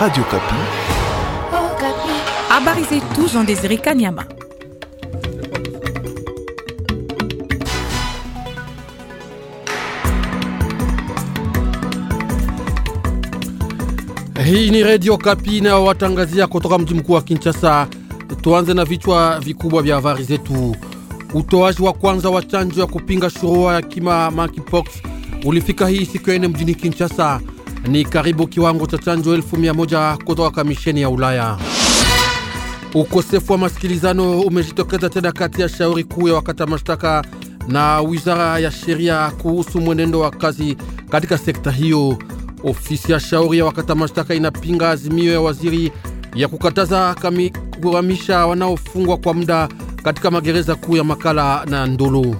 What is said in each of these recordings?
Radio Kapi. Habari zetu Jean Désiré Kanyama. Hii ni Radio Kapi watangazia kutoka mji mkuu wa Kinshasa. Tuanze na vichwa vikubwa vya habari zetu. Utoaji wa kwanza wa chanjo ya kupinga shurua ya kima monkeypox ulifika hii siku ya mjini Kinshasa ni karibu kiwango cha chanjo elfu mia moja kutoka kamisheni ya Ulaya. Ukosefu wa masikilizano umejitokeza tena kati ya shauri kuu ya wakata mashtaka na wizara ya sheria kuhusu mwenendo wa kazi katika sekta hiyo. Ofisi ya shauri ya wakata mashtaka inapinga azimio ya waziri ya kukataza kuhamisha wanaofungwa kwa muda katika magereza kuu ya Makala na Ndulu.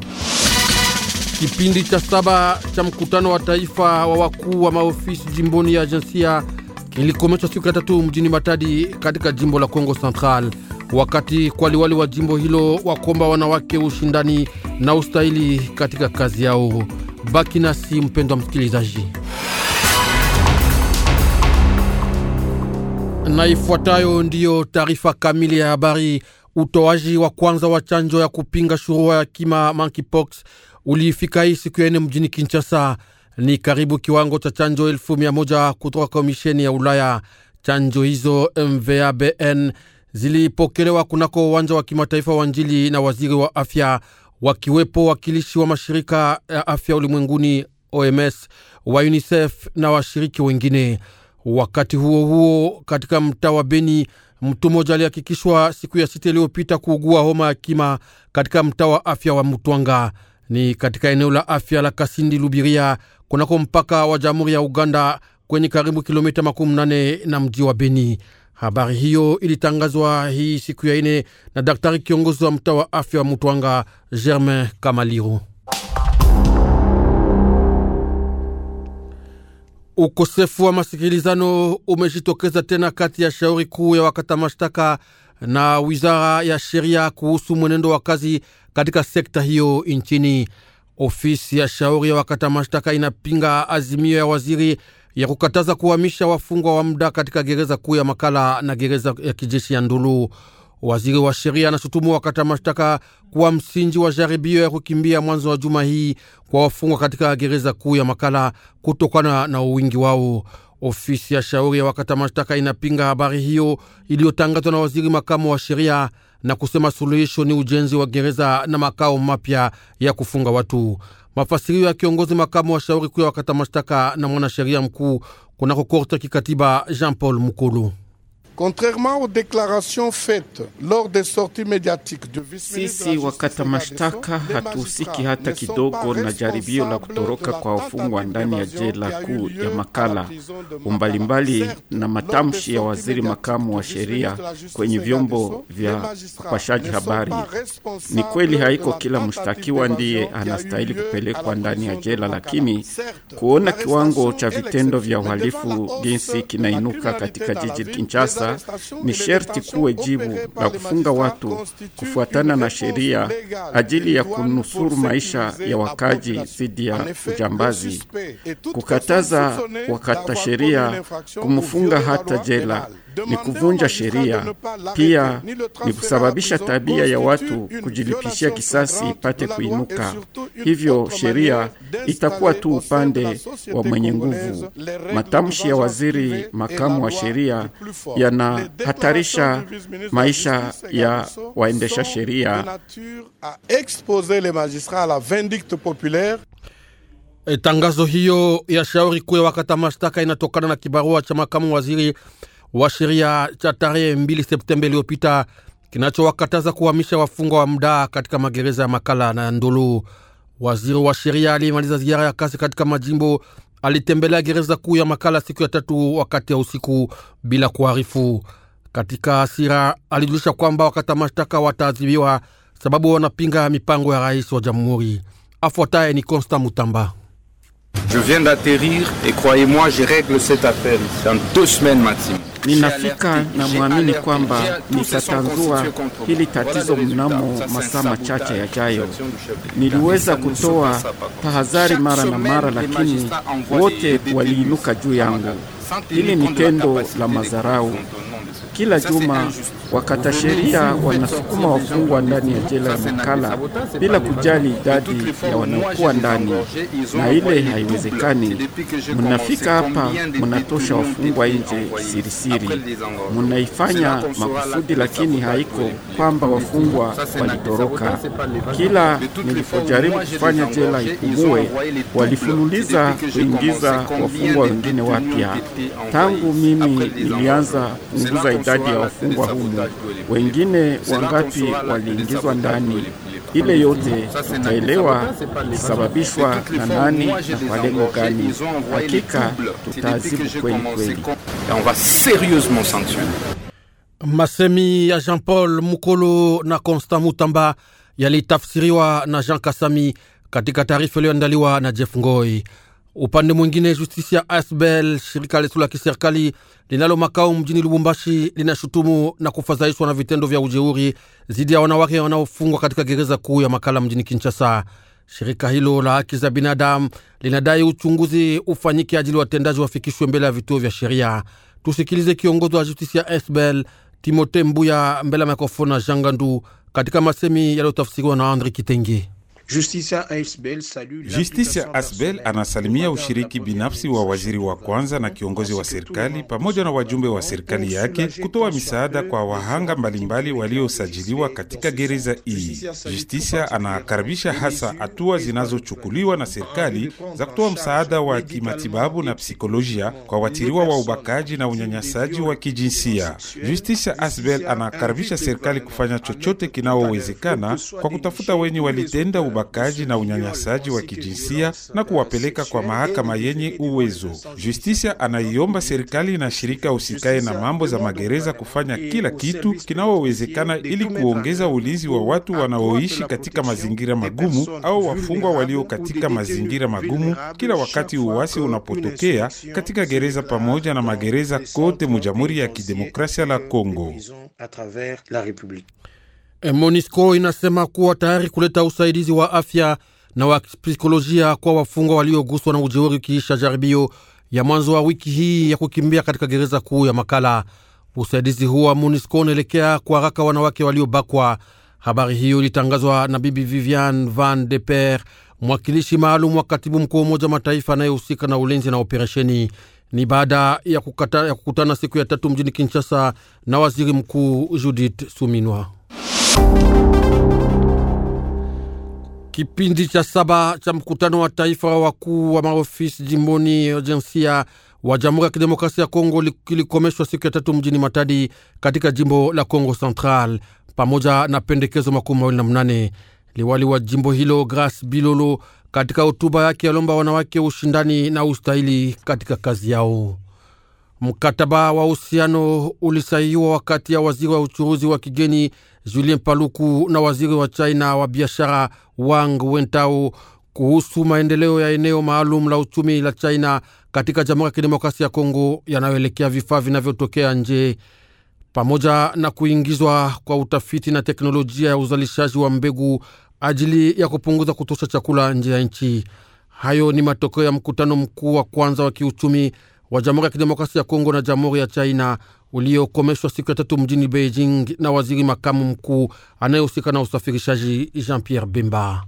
Kipindi cha saba cha mkutano wa taifa wa wakuu wa maofisi jimboni ya ajensia kilikomeshwa siku ya tatu mjini Matadi katika jimbo la Kongo Central, wakati kwa liwali wa jimbo hilo wakomba wanawake ushindani na ustahili katika kazi yao. Baki nasi mpendwa msikilizaji, na ifuatayo ndiyo taarifa kamili ya habari. Utoaji wa kwanza wa chanjo ya kupinga shurua ya kima monkeypox uliifika hii siku ya nne mjini Kinshasa. Ni karibu kiwango cha chanjo elfu mia moja kutoka komisheni ya Ulaya. Chanjo hizo MVABN zilipokelewa kunako uwanja wa kimataifa wa Njili na waziri wa afya, wakiwepo wakilishi wa mashirika ya afya ulimwenguni OMS, wa UNICEF na washiriki wengine. Wakati huo huo, katika mtaa wa Beni, mtu mmoja alihakikishwa siku ya sita iliyopita kuugua homa ya kima katika mtaa wa afya wa Mutwanga ni katika eneo la afya la Kasindi Lubiria, kunako mpaka wa Jamhuri ya Uganda, kwenye karibu kilomita makumi nane na mji wa Beni. Habari hiyo ilitangazwa hii siku ya ine na daktari kiongozi wa mtaa wa afya wa Mutwanga, Germain Kamaliru. Ukosefu wa masikilizano umejitokeza tena kati ya shauri kuu ya wakata mashtaka na wizara ya sheria kuhusu mwenendo wa kazi katika sekta hiyo nchini. Ofisi ya shauri ya wakata mashtaka inapinga azimio ya waziri ya kukataza kuhamisha wafungwa wa muda katika gereza kuu ya Makala na gereza ya kijeshi ya Ndulu. Waziri wa sheria anashutumu wakata mashtaka kuwa msingi wa jaribio ya kukimbia mwanzo wa juma hii kwa wafungwa katika gereza kuu ya Makala kutokana na uwingi wao. Ofisi ya shauri ya wakata mashtaka inapinga habari hiyo iliyotangazwa na waziri makamu wa sheria na kusema suluhisho ni ujenzi wa gereza na makao mapya ya kufunga watu. Mafasirio ya kiongozi makamu wa shauri kuu ya wakata mashtaka na mwanasheria mkuu kunako korti ya kikatiba Jean Paul Mukulu. Contrairement aux déclarations faites lors des sorties médiatiques du sisi wakata mashtaka hatuhusiki hata kidogo na jaribio la kutoroka kwa wafungwa ndani ya jela kuu ya Makala. Umbalimbali na matamshi ya waziri makamu wa sheria kwenye vyombo vya upashaji habari, ni kweli haiko kila mshtakiwa ndiye anastahili kupelekwa ndani ya jela, lakini kuona kiwango cha vitendo vya uhalifu jinsi kinainuka katika jiji Kinshasa ni sherti kuwe jibu la kufunga watu kufuatana na sheria ajili ya kunusuru maisha ya wakaji dhidi ya ujambazi, kukataza wakata sheria kumfunga hata jela ni kuvunja sheria, pia ni kusababisha tabia ya watu kujilipishia kisasi ipate kuinuka. Hivyo sheria itakuwa tu upande wa mwenye nguvu. Matamshi ya waziri makamu wa sheria yanahatarisha maisha ya waendesha sheria. Eh, tangazo hiyo ya shauri kuu ya wakata mashtaka inatokana na kibarua cha makamu waziri wa sheria cha tarehe 2 Septemba iliyopita kinachowakataza kuhamisha wafungwa wa mdaa katika magereza ya Makala na Ndulu. Waziri wa sheria aliyemaliza ziara ya kazi katika majimbo alitembelea gereza kuu ya Makala siku ya tatu wakati ya usiku bila kuharifu. Katika hasira, alijulisha kwamba wakata mashtaka wataadhibiwa sababu wanapinga mipango ya rais wa jamhuri. Afuataye ni Constant Mutamba. Je viens d'atterrir et croyez-moi, je règle cette affaire dans deux semaines maximum. Ninafika na mwamini kwamba nitatanzua hili tatizo mnamo masaa machache yajayo. Niliweza kutoa tahadhari mara na mara, lakini wote waliinuka juu yangu. Hili ni tendo la madharau. Kila juma Wakata sheria wanasukuma wafungwa ndani ya jela ya Makala bila kujali idadi ya wanaokuwa ndani, na ile haiwezekani. mnafika hapa, munatosha wafungwa nje sirisiri, munaifanya makusudi, lakini haiko kwamba wafungwa walitoroka. Kila nilipojaribu kufanya jela ipumue, walifululiza kuingiza wafungwa wengine wapya. Tangu mimi nilianza kupunguza idadi ya wafungwa humu wengine wangapi waliingizwa ndani. Ile yote tutaelewa ilisababishwa na nani na kwa lengo gani. Hakika tutaadhibu kweli kweli. Masemi ya Jean Paul Mukolo na Constant Mutamba yalitafsiriwa na Jean Kasami katika taarifa iliyoandaliwa na Jeff Ngoi. Upande mwingine, justisi ya Asbel, shirika lisilo la kiserikali linalo makao mjini Lubumbashi, linashutumu na kufadhaishwa na vitendo vya ujeuri dhidi ya wanawake wanaofungwa katika gereza kuu ya Makala mjini Kinshasa. Shirika hilo la haki za binadamu linadai uchunguzi ufanyike ajili watendaji wafikishwe mbele ya vituo vya sheria. Tusikilize kiongozi wa justisi ya Asbel Timote Mbuya mbele ya mikrofoni na Jangandu katika masemi yaliyotafsiriwa na Andri Kitenge. Justicia Asbel anasalimia ushiriki binafsi wa waziri wa kwanza na kiongozi wa serikali pamoja na wajumbe wa serikali yake kutoa misaada kwa wahanga mbalimbali waliosajiliwa katika gereza hii. Justicia anakaribisha hasa hatua zinazochukuliwa na serikali za kutoa msaada wa kimatibabu na psikolojia kwa watiriwa wa ubakaji na unyanyasaji wa kijinsia. Justicia Asbel anakaribisha serikali kufanya chochote kinaowezekana kwa kutafuta wenye walitenda ubakaji ubakaji na unyanyasaji wa kijinsia na kuwapeleka kwa mahakama yenye uwezo. Justisia anaiomba serikali na shirika usikae na mambo za magereza kufanya kila kitu kinaowezekana ili kuongeza ulinzi wa watu wanaoishi katika mazingira magumu au wafungwa walio katika mazingira magumu kila wakati uwasi unapotokea katika gereza pamoja na magereza kote mu Jamhuri ya Kidemokrasia la congo MONUSCO inasema kuwa tayari kuleta usaidizi wa afya na wa psikolojia kwa wafungwa walioguswa na ujeuri kiisha jaribio ya mwanzo wa wiki hii ya kukimbia katika gereza kuu ya Makala. Usaidizi huo wa MONUSCO unaelekea kwa haraka wanawake waliobakwa. Habari hiyo ilitangazwa na Bibi Vivian Van de Per, mwakilishi maalum wa katibu mkuu wa Umoja Mataifa anayehusika na ulinzi na operesheni. Ni baada ya, ya kukutana siku ya tatu mjini Kinshasa na waziri mkuu Judith Suminwa. Kipindi cha saba cha mkutano wa taifa wa wakuu wa maofisi jimboni jinsia wa Jamhuri ya Kidemokrasia ya Kongo kilikomeshwa siku ya tatu mjini Matadi katika jimbo la Kongo Central pamoja na pendekezo makumi mawili na mnane. Liwali wa jimbo hilo Gras Bilolo katika hotuba yake yalomba wanawake ushindani na ustahili katika kazi yao. Mkataba wa uhusiano ulisainiwa wakati ya waziri wa uchuruzi wa kigeni Julien Paluku na waziri wa China wa biashara Wang Wentao kuhusu maendeleo ya eneo maalum la uchumi la China katika Jamhuri ya Kidemokrasia ya Kongo yanayoelekea vifaa vinavyotokea nje pamoja na kuingizwa kwa utafiti na teknolojia ya uzalishaji wa mbegu ajili ya kupunguza kutosha chakula nje ya nchi. Hayo ni matokeo ya mkutano mkuu wa kwanza wa kiuchumi wa Jamhuri ya Kidemokrasia ya Kongo na Jamhuri ya China uliokomeshwa siku ya tatu mjini Beijing na waziri makamu mkuu anayehusika na usafirishaji Jean Pierre Bemba.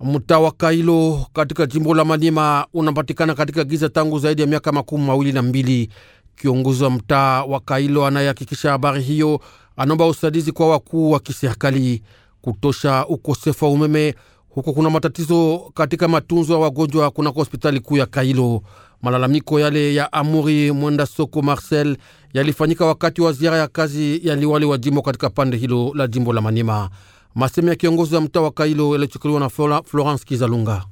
Mtaa wa Kailo katika jimbo la Manima unapatikana katika giza tangu zaidi ya miaka makumi mawili na mbili. Kiongozi wa mtaa wa Kailo anayehakikisha habari hiyo anaomba usaidizi kwa wakuu wa kiserikali kutosha ukosefu wa umeme huko. Kuna matatizo katika matunzo ya wagonjwa kunako hospitali kuu ya Kailo. Malalamiko yale ya Amuri Mwenda Soko Marcel yalifanyika wakati wa ziara ya kazi ya liwali wa jimbo katika pande hilo la jimbo la Manima. Masemi ya kiongozi wa mtaa wa Kailo yalichukuliwa na Florence Kizalunga.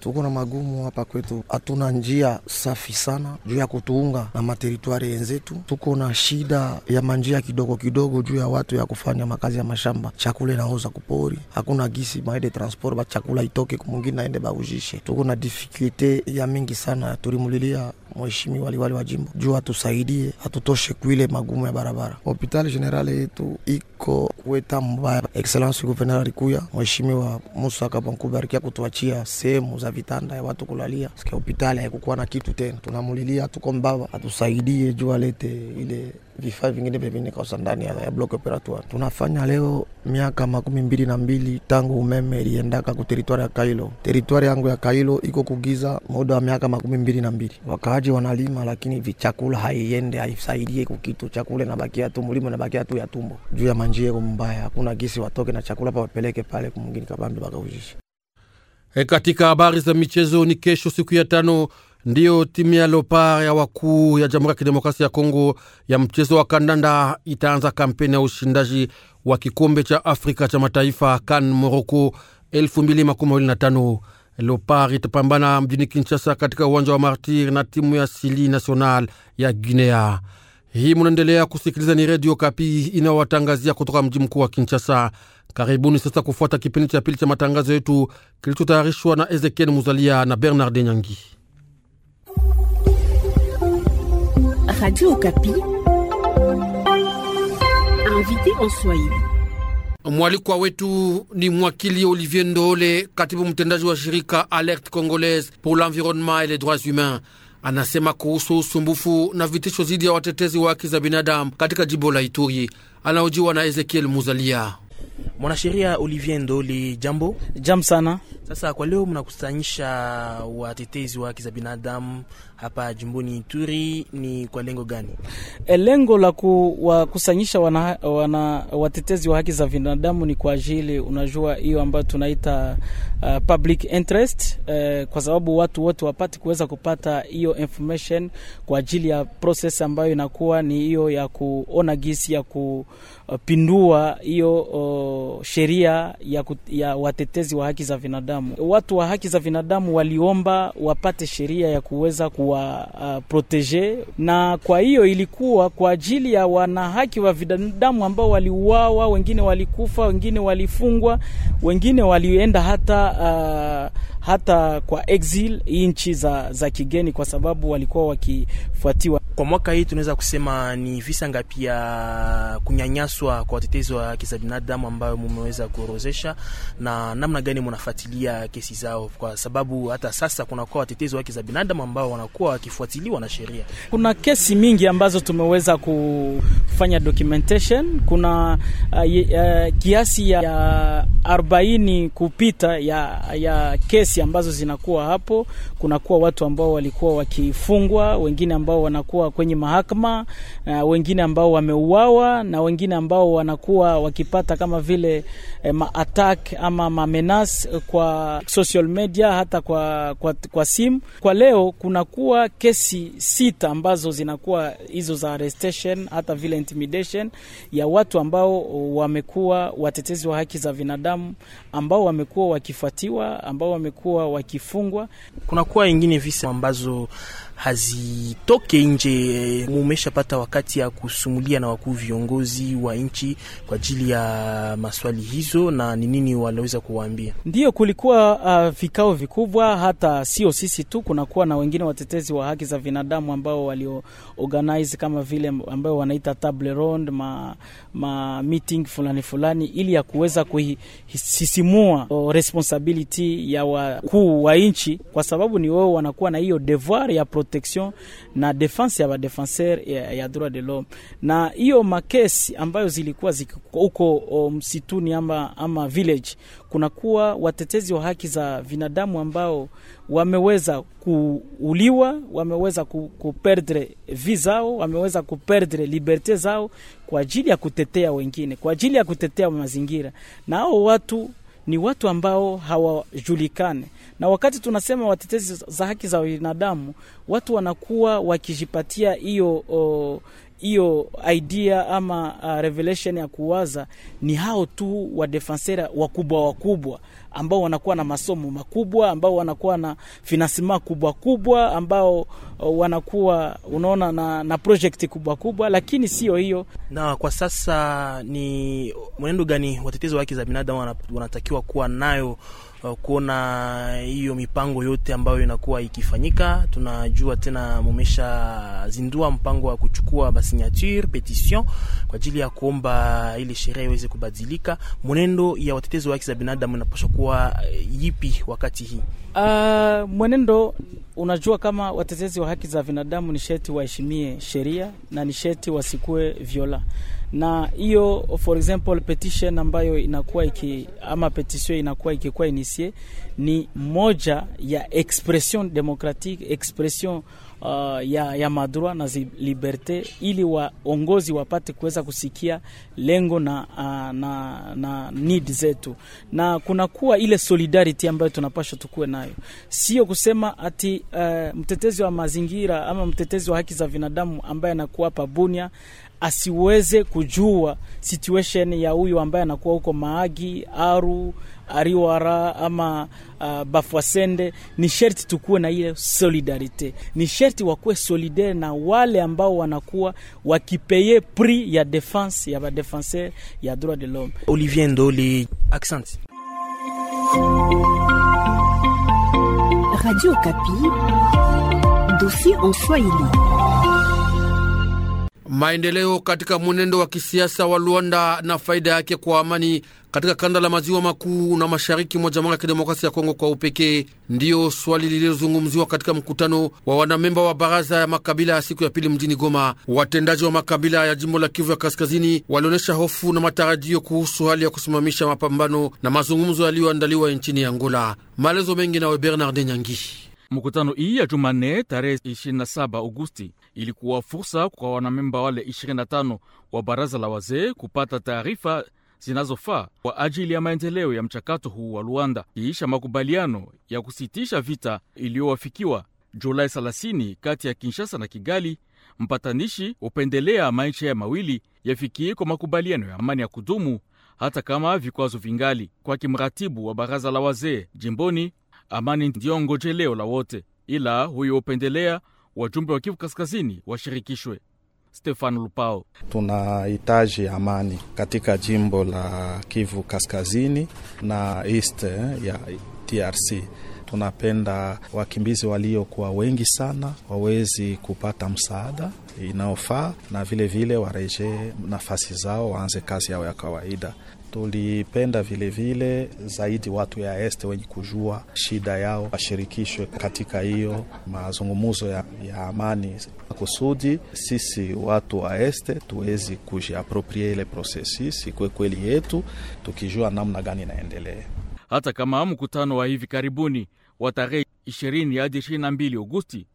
Tuko na magumu hapa kwetu, hatuna njia safi sana juu ya kutuunga na materitwari yenzetu. Tuko na shida ya manjia kidogo kidogo juu ya watu ya kufanya makazi ya mashamba, chakula inaoza kupori, hakuna gisi maede transport ba chakula itoke kumwingine aende baujishe. Tuko na difikulte ya mingi sana, tulimulilia mheshimiwa waliwali wa jimbo juu atusaidie, hatutoshe kuile magumu ya barabara. Hospitali generali yetu iko kweta mbaya. Excellence Guverner alikuya, mheshimiwa Musa Kabankubi arikia kutuachia sehemu za kutengeneza vitanda ya watu kulalia. Sikia hospitali haikukuwa na kitu tena, tunamulilia tuko mbaba atusaidie juu alete ile vifaa vingine vyavinekausa ndani ya blok operatoire. Tunafanya leo miaka makumi mbili na mbili tangu umeme iliendaka ku teritwari ya Kailo. Teritwari yangu ya Kailo iko kugiza muda wa miaka makumi mbili na mbili. Wakaaji wanalima, lakini vichakula haiende haisaidie kukitu. Chakula inabakia tu mulimo, inabakia tu ya tumbo juu ya manjie kumbaya, hakuna gisi watoke na chakula pa wapeleke pale kumungini kabambi bakaujisha E, katika habari za michezo ni kesho siku ya tano ndiyo timu ya Leopard ya wakuu ya Jamhuri ya Kidemokrasia ya Kongo ya mchezo wa kandanda itaanza kampeni ya ushindaji wa kikombe cha Afrika cha mataifa CAN Morocco 2025. Lopar itapambana mjini Kinshasa katika uwanja wa Martir na timu ya Sili National ya Guinea. Hii munaendelea kusikiliza, ni Redio Kapi inayowatangazia kutoka mji mkuu wa Kinshasa. Karibuni sasa kufuata kipindi cha pili cha matangazo yetu kilichotayarishwa na Ezekiel Muzalia na Bernard Nyangi. Mwalikwa wetu ni mwakili Olivier Ndole, katibu mtendaji wa shirika Alerte Congolaise pour l'environnement et les droits humains. Anasema kuhusu usumbufu na vitisho dhidi ya watetezi wa haki za binadamu katika jimbo la Ituri. Anaojiwa na Ezekiel Muzalia. Mwanasheria Olivier Ndoli, jambo. Jambo sana. Sasa kwa leo mnakusanyisha watetezi wa haki za binadamu hapa jimboni Ituri ni kwa lengo gani? Eh, lengo la kuwakusanyisha wana, wana watetezi wa haki za binadamu ni kwa ajili, unajua hiyo ambayo tunaita uh, public interest uh, kwa sababu watu wote wapate kuweza kupata hiyo information kwa ajili ya process ambayo inakuwa ni hiyo ya kuona gisi ya kupindua hiyo uh, sheria ya, ya watetezi wa haki za binadamu. Watu wa haki za binadamu waliomba wapate sheria ya kuweza ku kuwaproteje uh, na kwa hiyo ilikuwa kwa ajili ya wanahaki wa binadamu ambao waliuawa, wengine walikufa, wengine walifungwa, wengine walienda hata uh, hata kwa exil nchi za, za kigeni kwa sababu walikuwa waki kufuatiwa. Kwa mwaka hii tunaweza kusema ni visa ngapi ya kunyanyaswa kwa watetezi wa haki za binadamu ambayo mumeweza kuorozesha, na namna gani mnafuatilia kesi zao? Kwa sababu hata sasa kunakuwa watetezi wa haki za binadamu ambao wanakuwa wakifuatiliwa na sheria. Kuna kesi mingi ambazo tumeweza kufanya documentation. Kuna uh, uh, kiasi ya arobaini kupita ya, ya kesi ambazo zinakuwa hapo kunakuwa watu ambao walikuwa wakifungwa, wengine ambao wanakuwa kwenye mahakama, wengine ambao wameuawa na wengine ambao wanakuwa wakipata kama vile eh, maattack ama mamenas eh, kwa social media hata kwa, kwa, kwa simu. Kwa leo kunakuwa kesi sita ambazo zinakuwa hizo za arrestation hata vile intimidation ya watu ambao wamekuwa watetezi wa haki za binadamu ambao wamekuwa wakifuatiwa ambao wamekuwa wakifungwa. Kunakuwa ingine visa ambazo hazitoke nje. Mumeshapata wakati ya kusumulia na wakuu viongozi wa nchi kwa ajili ya maswali hizo, na ni nini wanaweza kuwaambia? Ndiyo, kulikuwa uh, vikao vikubwa, hata sio sisi tu, kunakuwa na wengine watetezi wa haki za binadamu ambao walio organize kama vile ambao wanaita table round, ma, ma meeting fulani fulani, ili ya kuweza kusisimua responsibility ya wakuu wa nchi, kwa sababu ni wao wanakuwa na hiyo devoir ya prote protection na defense ya defenseur ya, ya droit de l'homme, na hiyo makesi ambayo zilikuwa huko msituni ama, ama village, kunakuwa watetezi wa haki za binadamu ambao wameweza kuuliwa, wameweza kuperdre vi zao, wameweza kuperdre liberte zao kwa ajili ya kutetea wengine, kwa ajili ya kutetea mazingira, na hao watu ni watu ambao hawajulikane, na wakati tunasema watetezi za haki za binadamu, watu wanakuwa wakijipatia hiyo oh, hiyo idea ama uh, revelation ya kuwaza ni hao tu wa defensera wakubwa wakubwa ambao wanakuwa na masomo makubwa, ambao wanakuwa na finansima kubwa kubwa, ambao uh, wanakuwa unaona na, na project kubwa kubwa, lakini sio hiyo. Na kwa sasa ni mwenendo gani watetezi wa haki za binadamu wanatakiwa kuwa nayo? Uh, kuona hiyo mipango yote ambayo inakuwa ikifanyika. Tunajua tena mumesha zindua mpango wa kuchukua basignature petition kwa ajili ya kuomba ile sheria iweze kubadilika. Mwenendo ya watetezi wa haki za binadamu inapaswa kuwa yipi eh, wakati hii? Uh, mwenendo unajua, kama watetezi wa haki za binadamu ni sheti waheshimie sheria na ni sheti wasikue viola na hiyo for example petition ambayo inakuwa iki, ama petition inakuwa ikikuwa inisie ni moja ya expression democratique expression uh, ya, ya madroit na liberte, ili waongozi wapate kuweza kusikia lengo na, uh, na, na need zetu, na kunakuwa ile solidarity ambayo tunapaswa tukuwe nayo, sio kusema ati uh, mtetezi wa mazingira ama mtetezi wa haki za binadamu ambaye anakuwa hapa Bunia asiweze kujua situation ya huyu ambaye anakuwa huko Maagi, Aru, Ariwara ama uh, Bafwasende. Ni sherti tukuwe na ile solidarite, ni sherti wakuwe solidaire na wale ambao wanakuwa wakipeye prix ya defense ya badefenseur ya droit de l'homme. Olivier Ndoli, accent Radio Kapi, dossier en Swahili maendeleo katika mwenendo wa kisiasa wa Luanda na faida yake kwa amani katika kanda la maziwa makuu na mashariki mwa Jamhuri ya Kidemokrasia ya Kongo kwa upekee, ndiyo swali lililozungumziwa katika mkutano wa wanamemba wa baraza ya makabila ya siku ya pili mjini Goma. Watendaji wa makabila ya jimbo la Kivu ya Kaskazini walionyesha hofu na matarajio kuhusu hali ya kusimamisha mapambano na mazungumzo yaliyoandaliwa nchini Angola. Maelezo mengi nawe Bernard Nyangi. Mkutano hii ya Jumanne tarehe 27 agusti ilikuwa fursa kwa wanamemba wale 25 wa baraza la wazee kupata taarifa zinazofaa kwa ajili ya maendeleo ya mchakato huu wa Luanda kiisha makubaliano ya kusitisha vita iliyowafikiwa Julai 30 kati ya Kinshasa na Kigali. Mpatanishi hupendelea maisha ya mawili yafikie kwa makubaliano ya amani ya kudumu hata kama vikwazo vingali. Kwa kimratibu wa baraza la wazee jimboni Amani ndiyo ngojeleo la wote, ila huyo upendelea wajumbe wa Kivu Kaskazini washirikishwe. Stefano Lupao: tunahitaji amani katika jimbo la Kivu Kaskazini na East eh, ya DRC. Tunapenda wakimbizi waliokuwa wengi sana wawezi kupata msaada inayofaa na vile vile warejee nafasi zao, waanze kazi yao ya kawaida. Tulipenda vile vile zaidi watu ya este wenye kujua shida yao washirikishwe katika hiyo mazungumuzo ya, ya amani, kusudi sisi watu wa este tuwezi kujiaproprie ile prosesus ikwe kweli yetu, tukijua namna gani inaendelea. Hata kama mkutano wa hivi karibuni wa tarehe 20 hadi 22 Agosti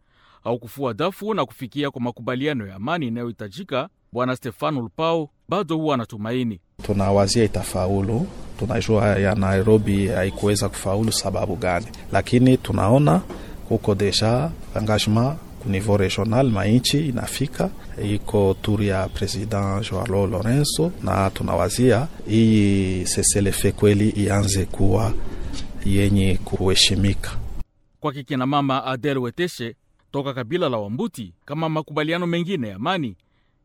au kufua dafu na kufikia kwa makubaliano ya amani inayohitajika, Bwana Stefano Lupao bado huwa anatumaini. Tunawazia itafaulu. Tunajua ya Nairobi haikuweza kufaulu sababu gani, lakini tunaona huko deja engagement niveau regional mainchi inafika iko turi ya president Joao Lorenzo, na tunawazia hii seselefe kweli ianze kuwa yenye kuheshimika. Kwa kikina mama Adel Weteshe toka kabila la Wambuti. Kama makubaliano mengine ya amani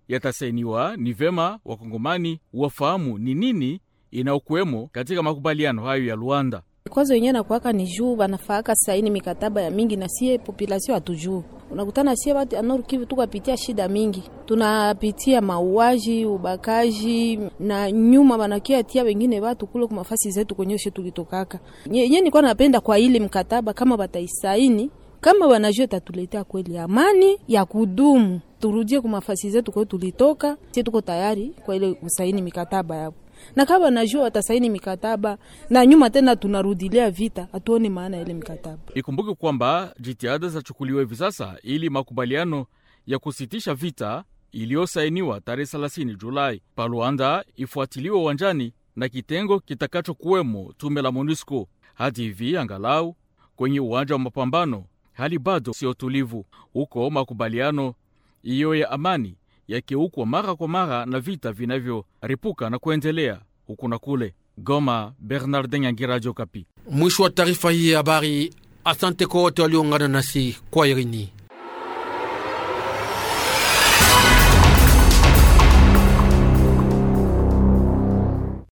yatasainiwa, ni vema wakongomani wafahamu ni nini inaokuwemo katika makubaliano hayo ya Luanda. Kwanza wenyewe nakuwaka ni juu banafaaka saini mikataba ya mingi, na sie populasio hatujuu. Unakutana sie watu ya Nord Kivu tukapitia shida mingi, tunapitia mauaji, ubakaji na nyuma banakia tia wengine watu kule kumafasi zetu kwenyeshe tulitokaka. Yenyewe nilikuwa napenda kwa ili mkataba kama bataisaini kama wanajua tatuletea kweli amani ya kudumu, turudie kumafasi zetu kwa tulitoka. si tuko tayari kwa ile usaini mikataba yao, na kama wanajua watasaini mikataba na nyuma tena tunarudilia vita, hatuoni maana ya ile mikataba. Ikumbuke kwamba jitihada zachukuliwa hivi sasa ili makubaliano ya kusitisha vita iliyosainiwa tarehe 30 Julai pa Luanda ifuatiliwe uwanjani na kitengo kitakachokuwemo tume la MONUSCO hadi hivi angalau kwenye uwanja wa mapambano hali bado sio tulivu huko. Makubaliano hiyo ya amani yakiukwa mara kwa mara na vita vinavyoripuka na kuendelea huku na kule. Goma, Bernard Nyangira, Radio Okapi. Mwisho wa taarifa hii ya habari. Asante kwa wote walioungana nasi kwa irini.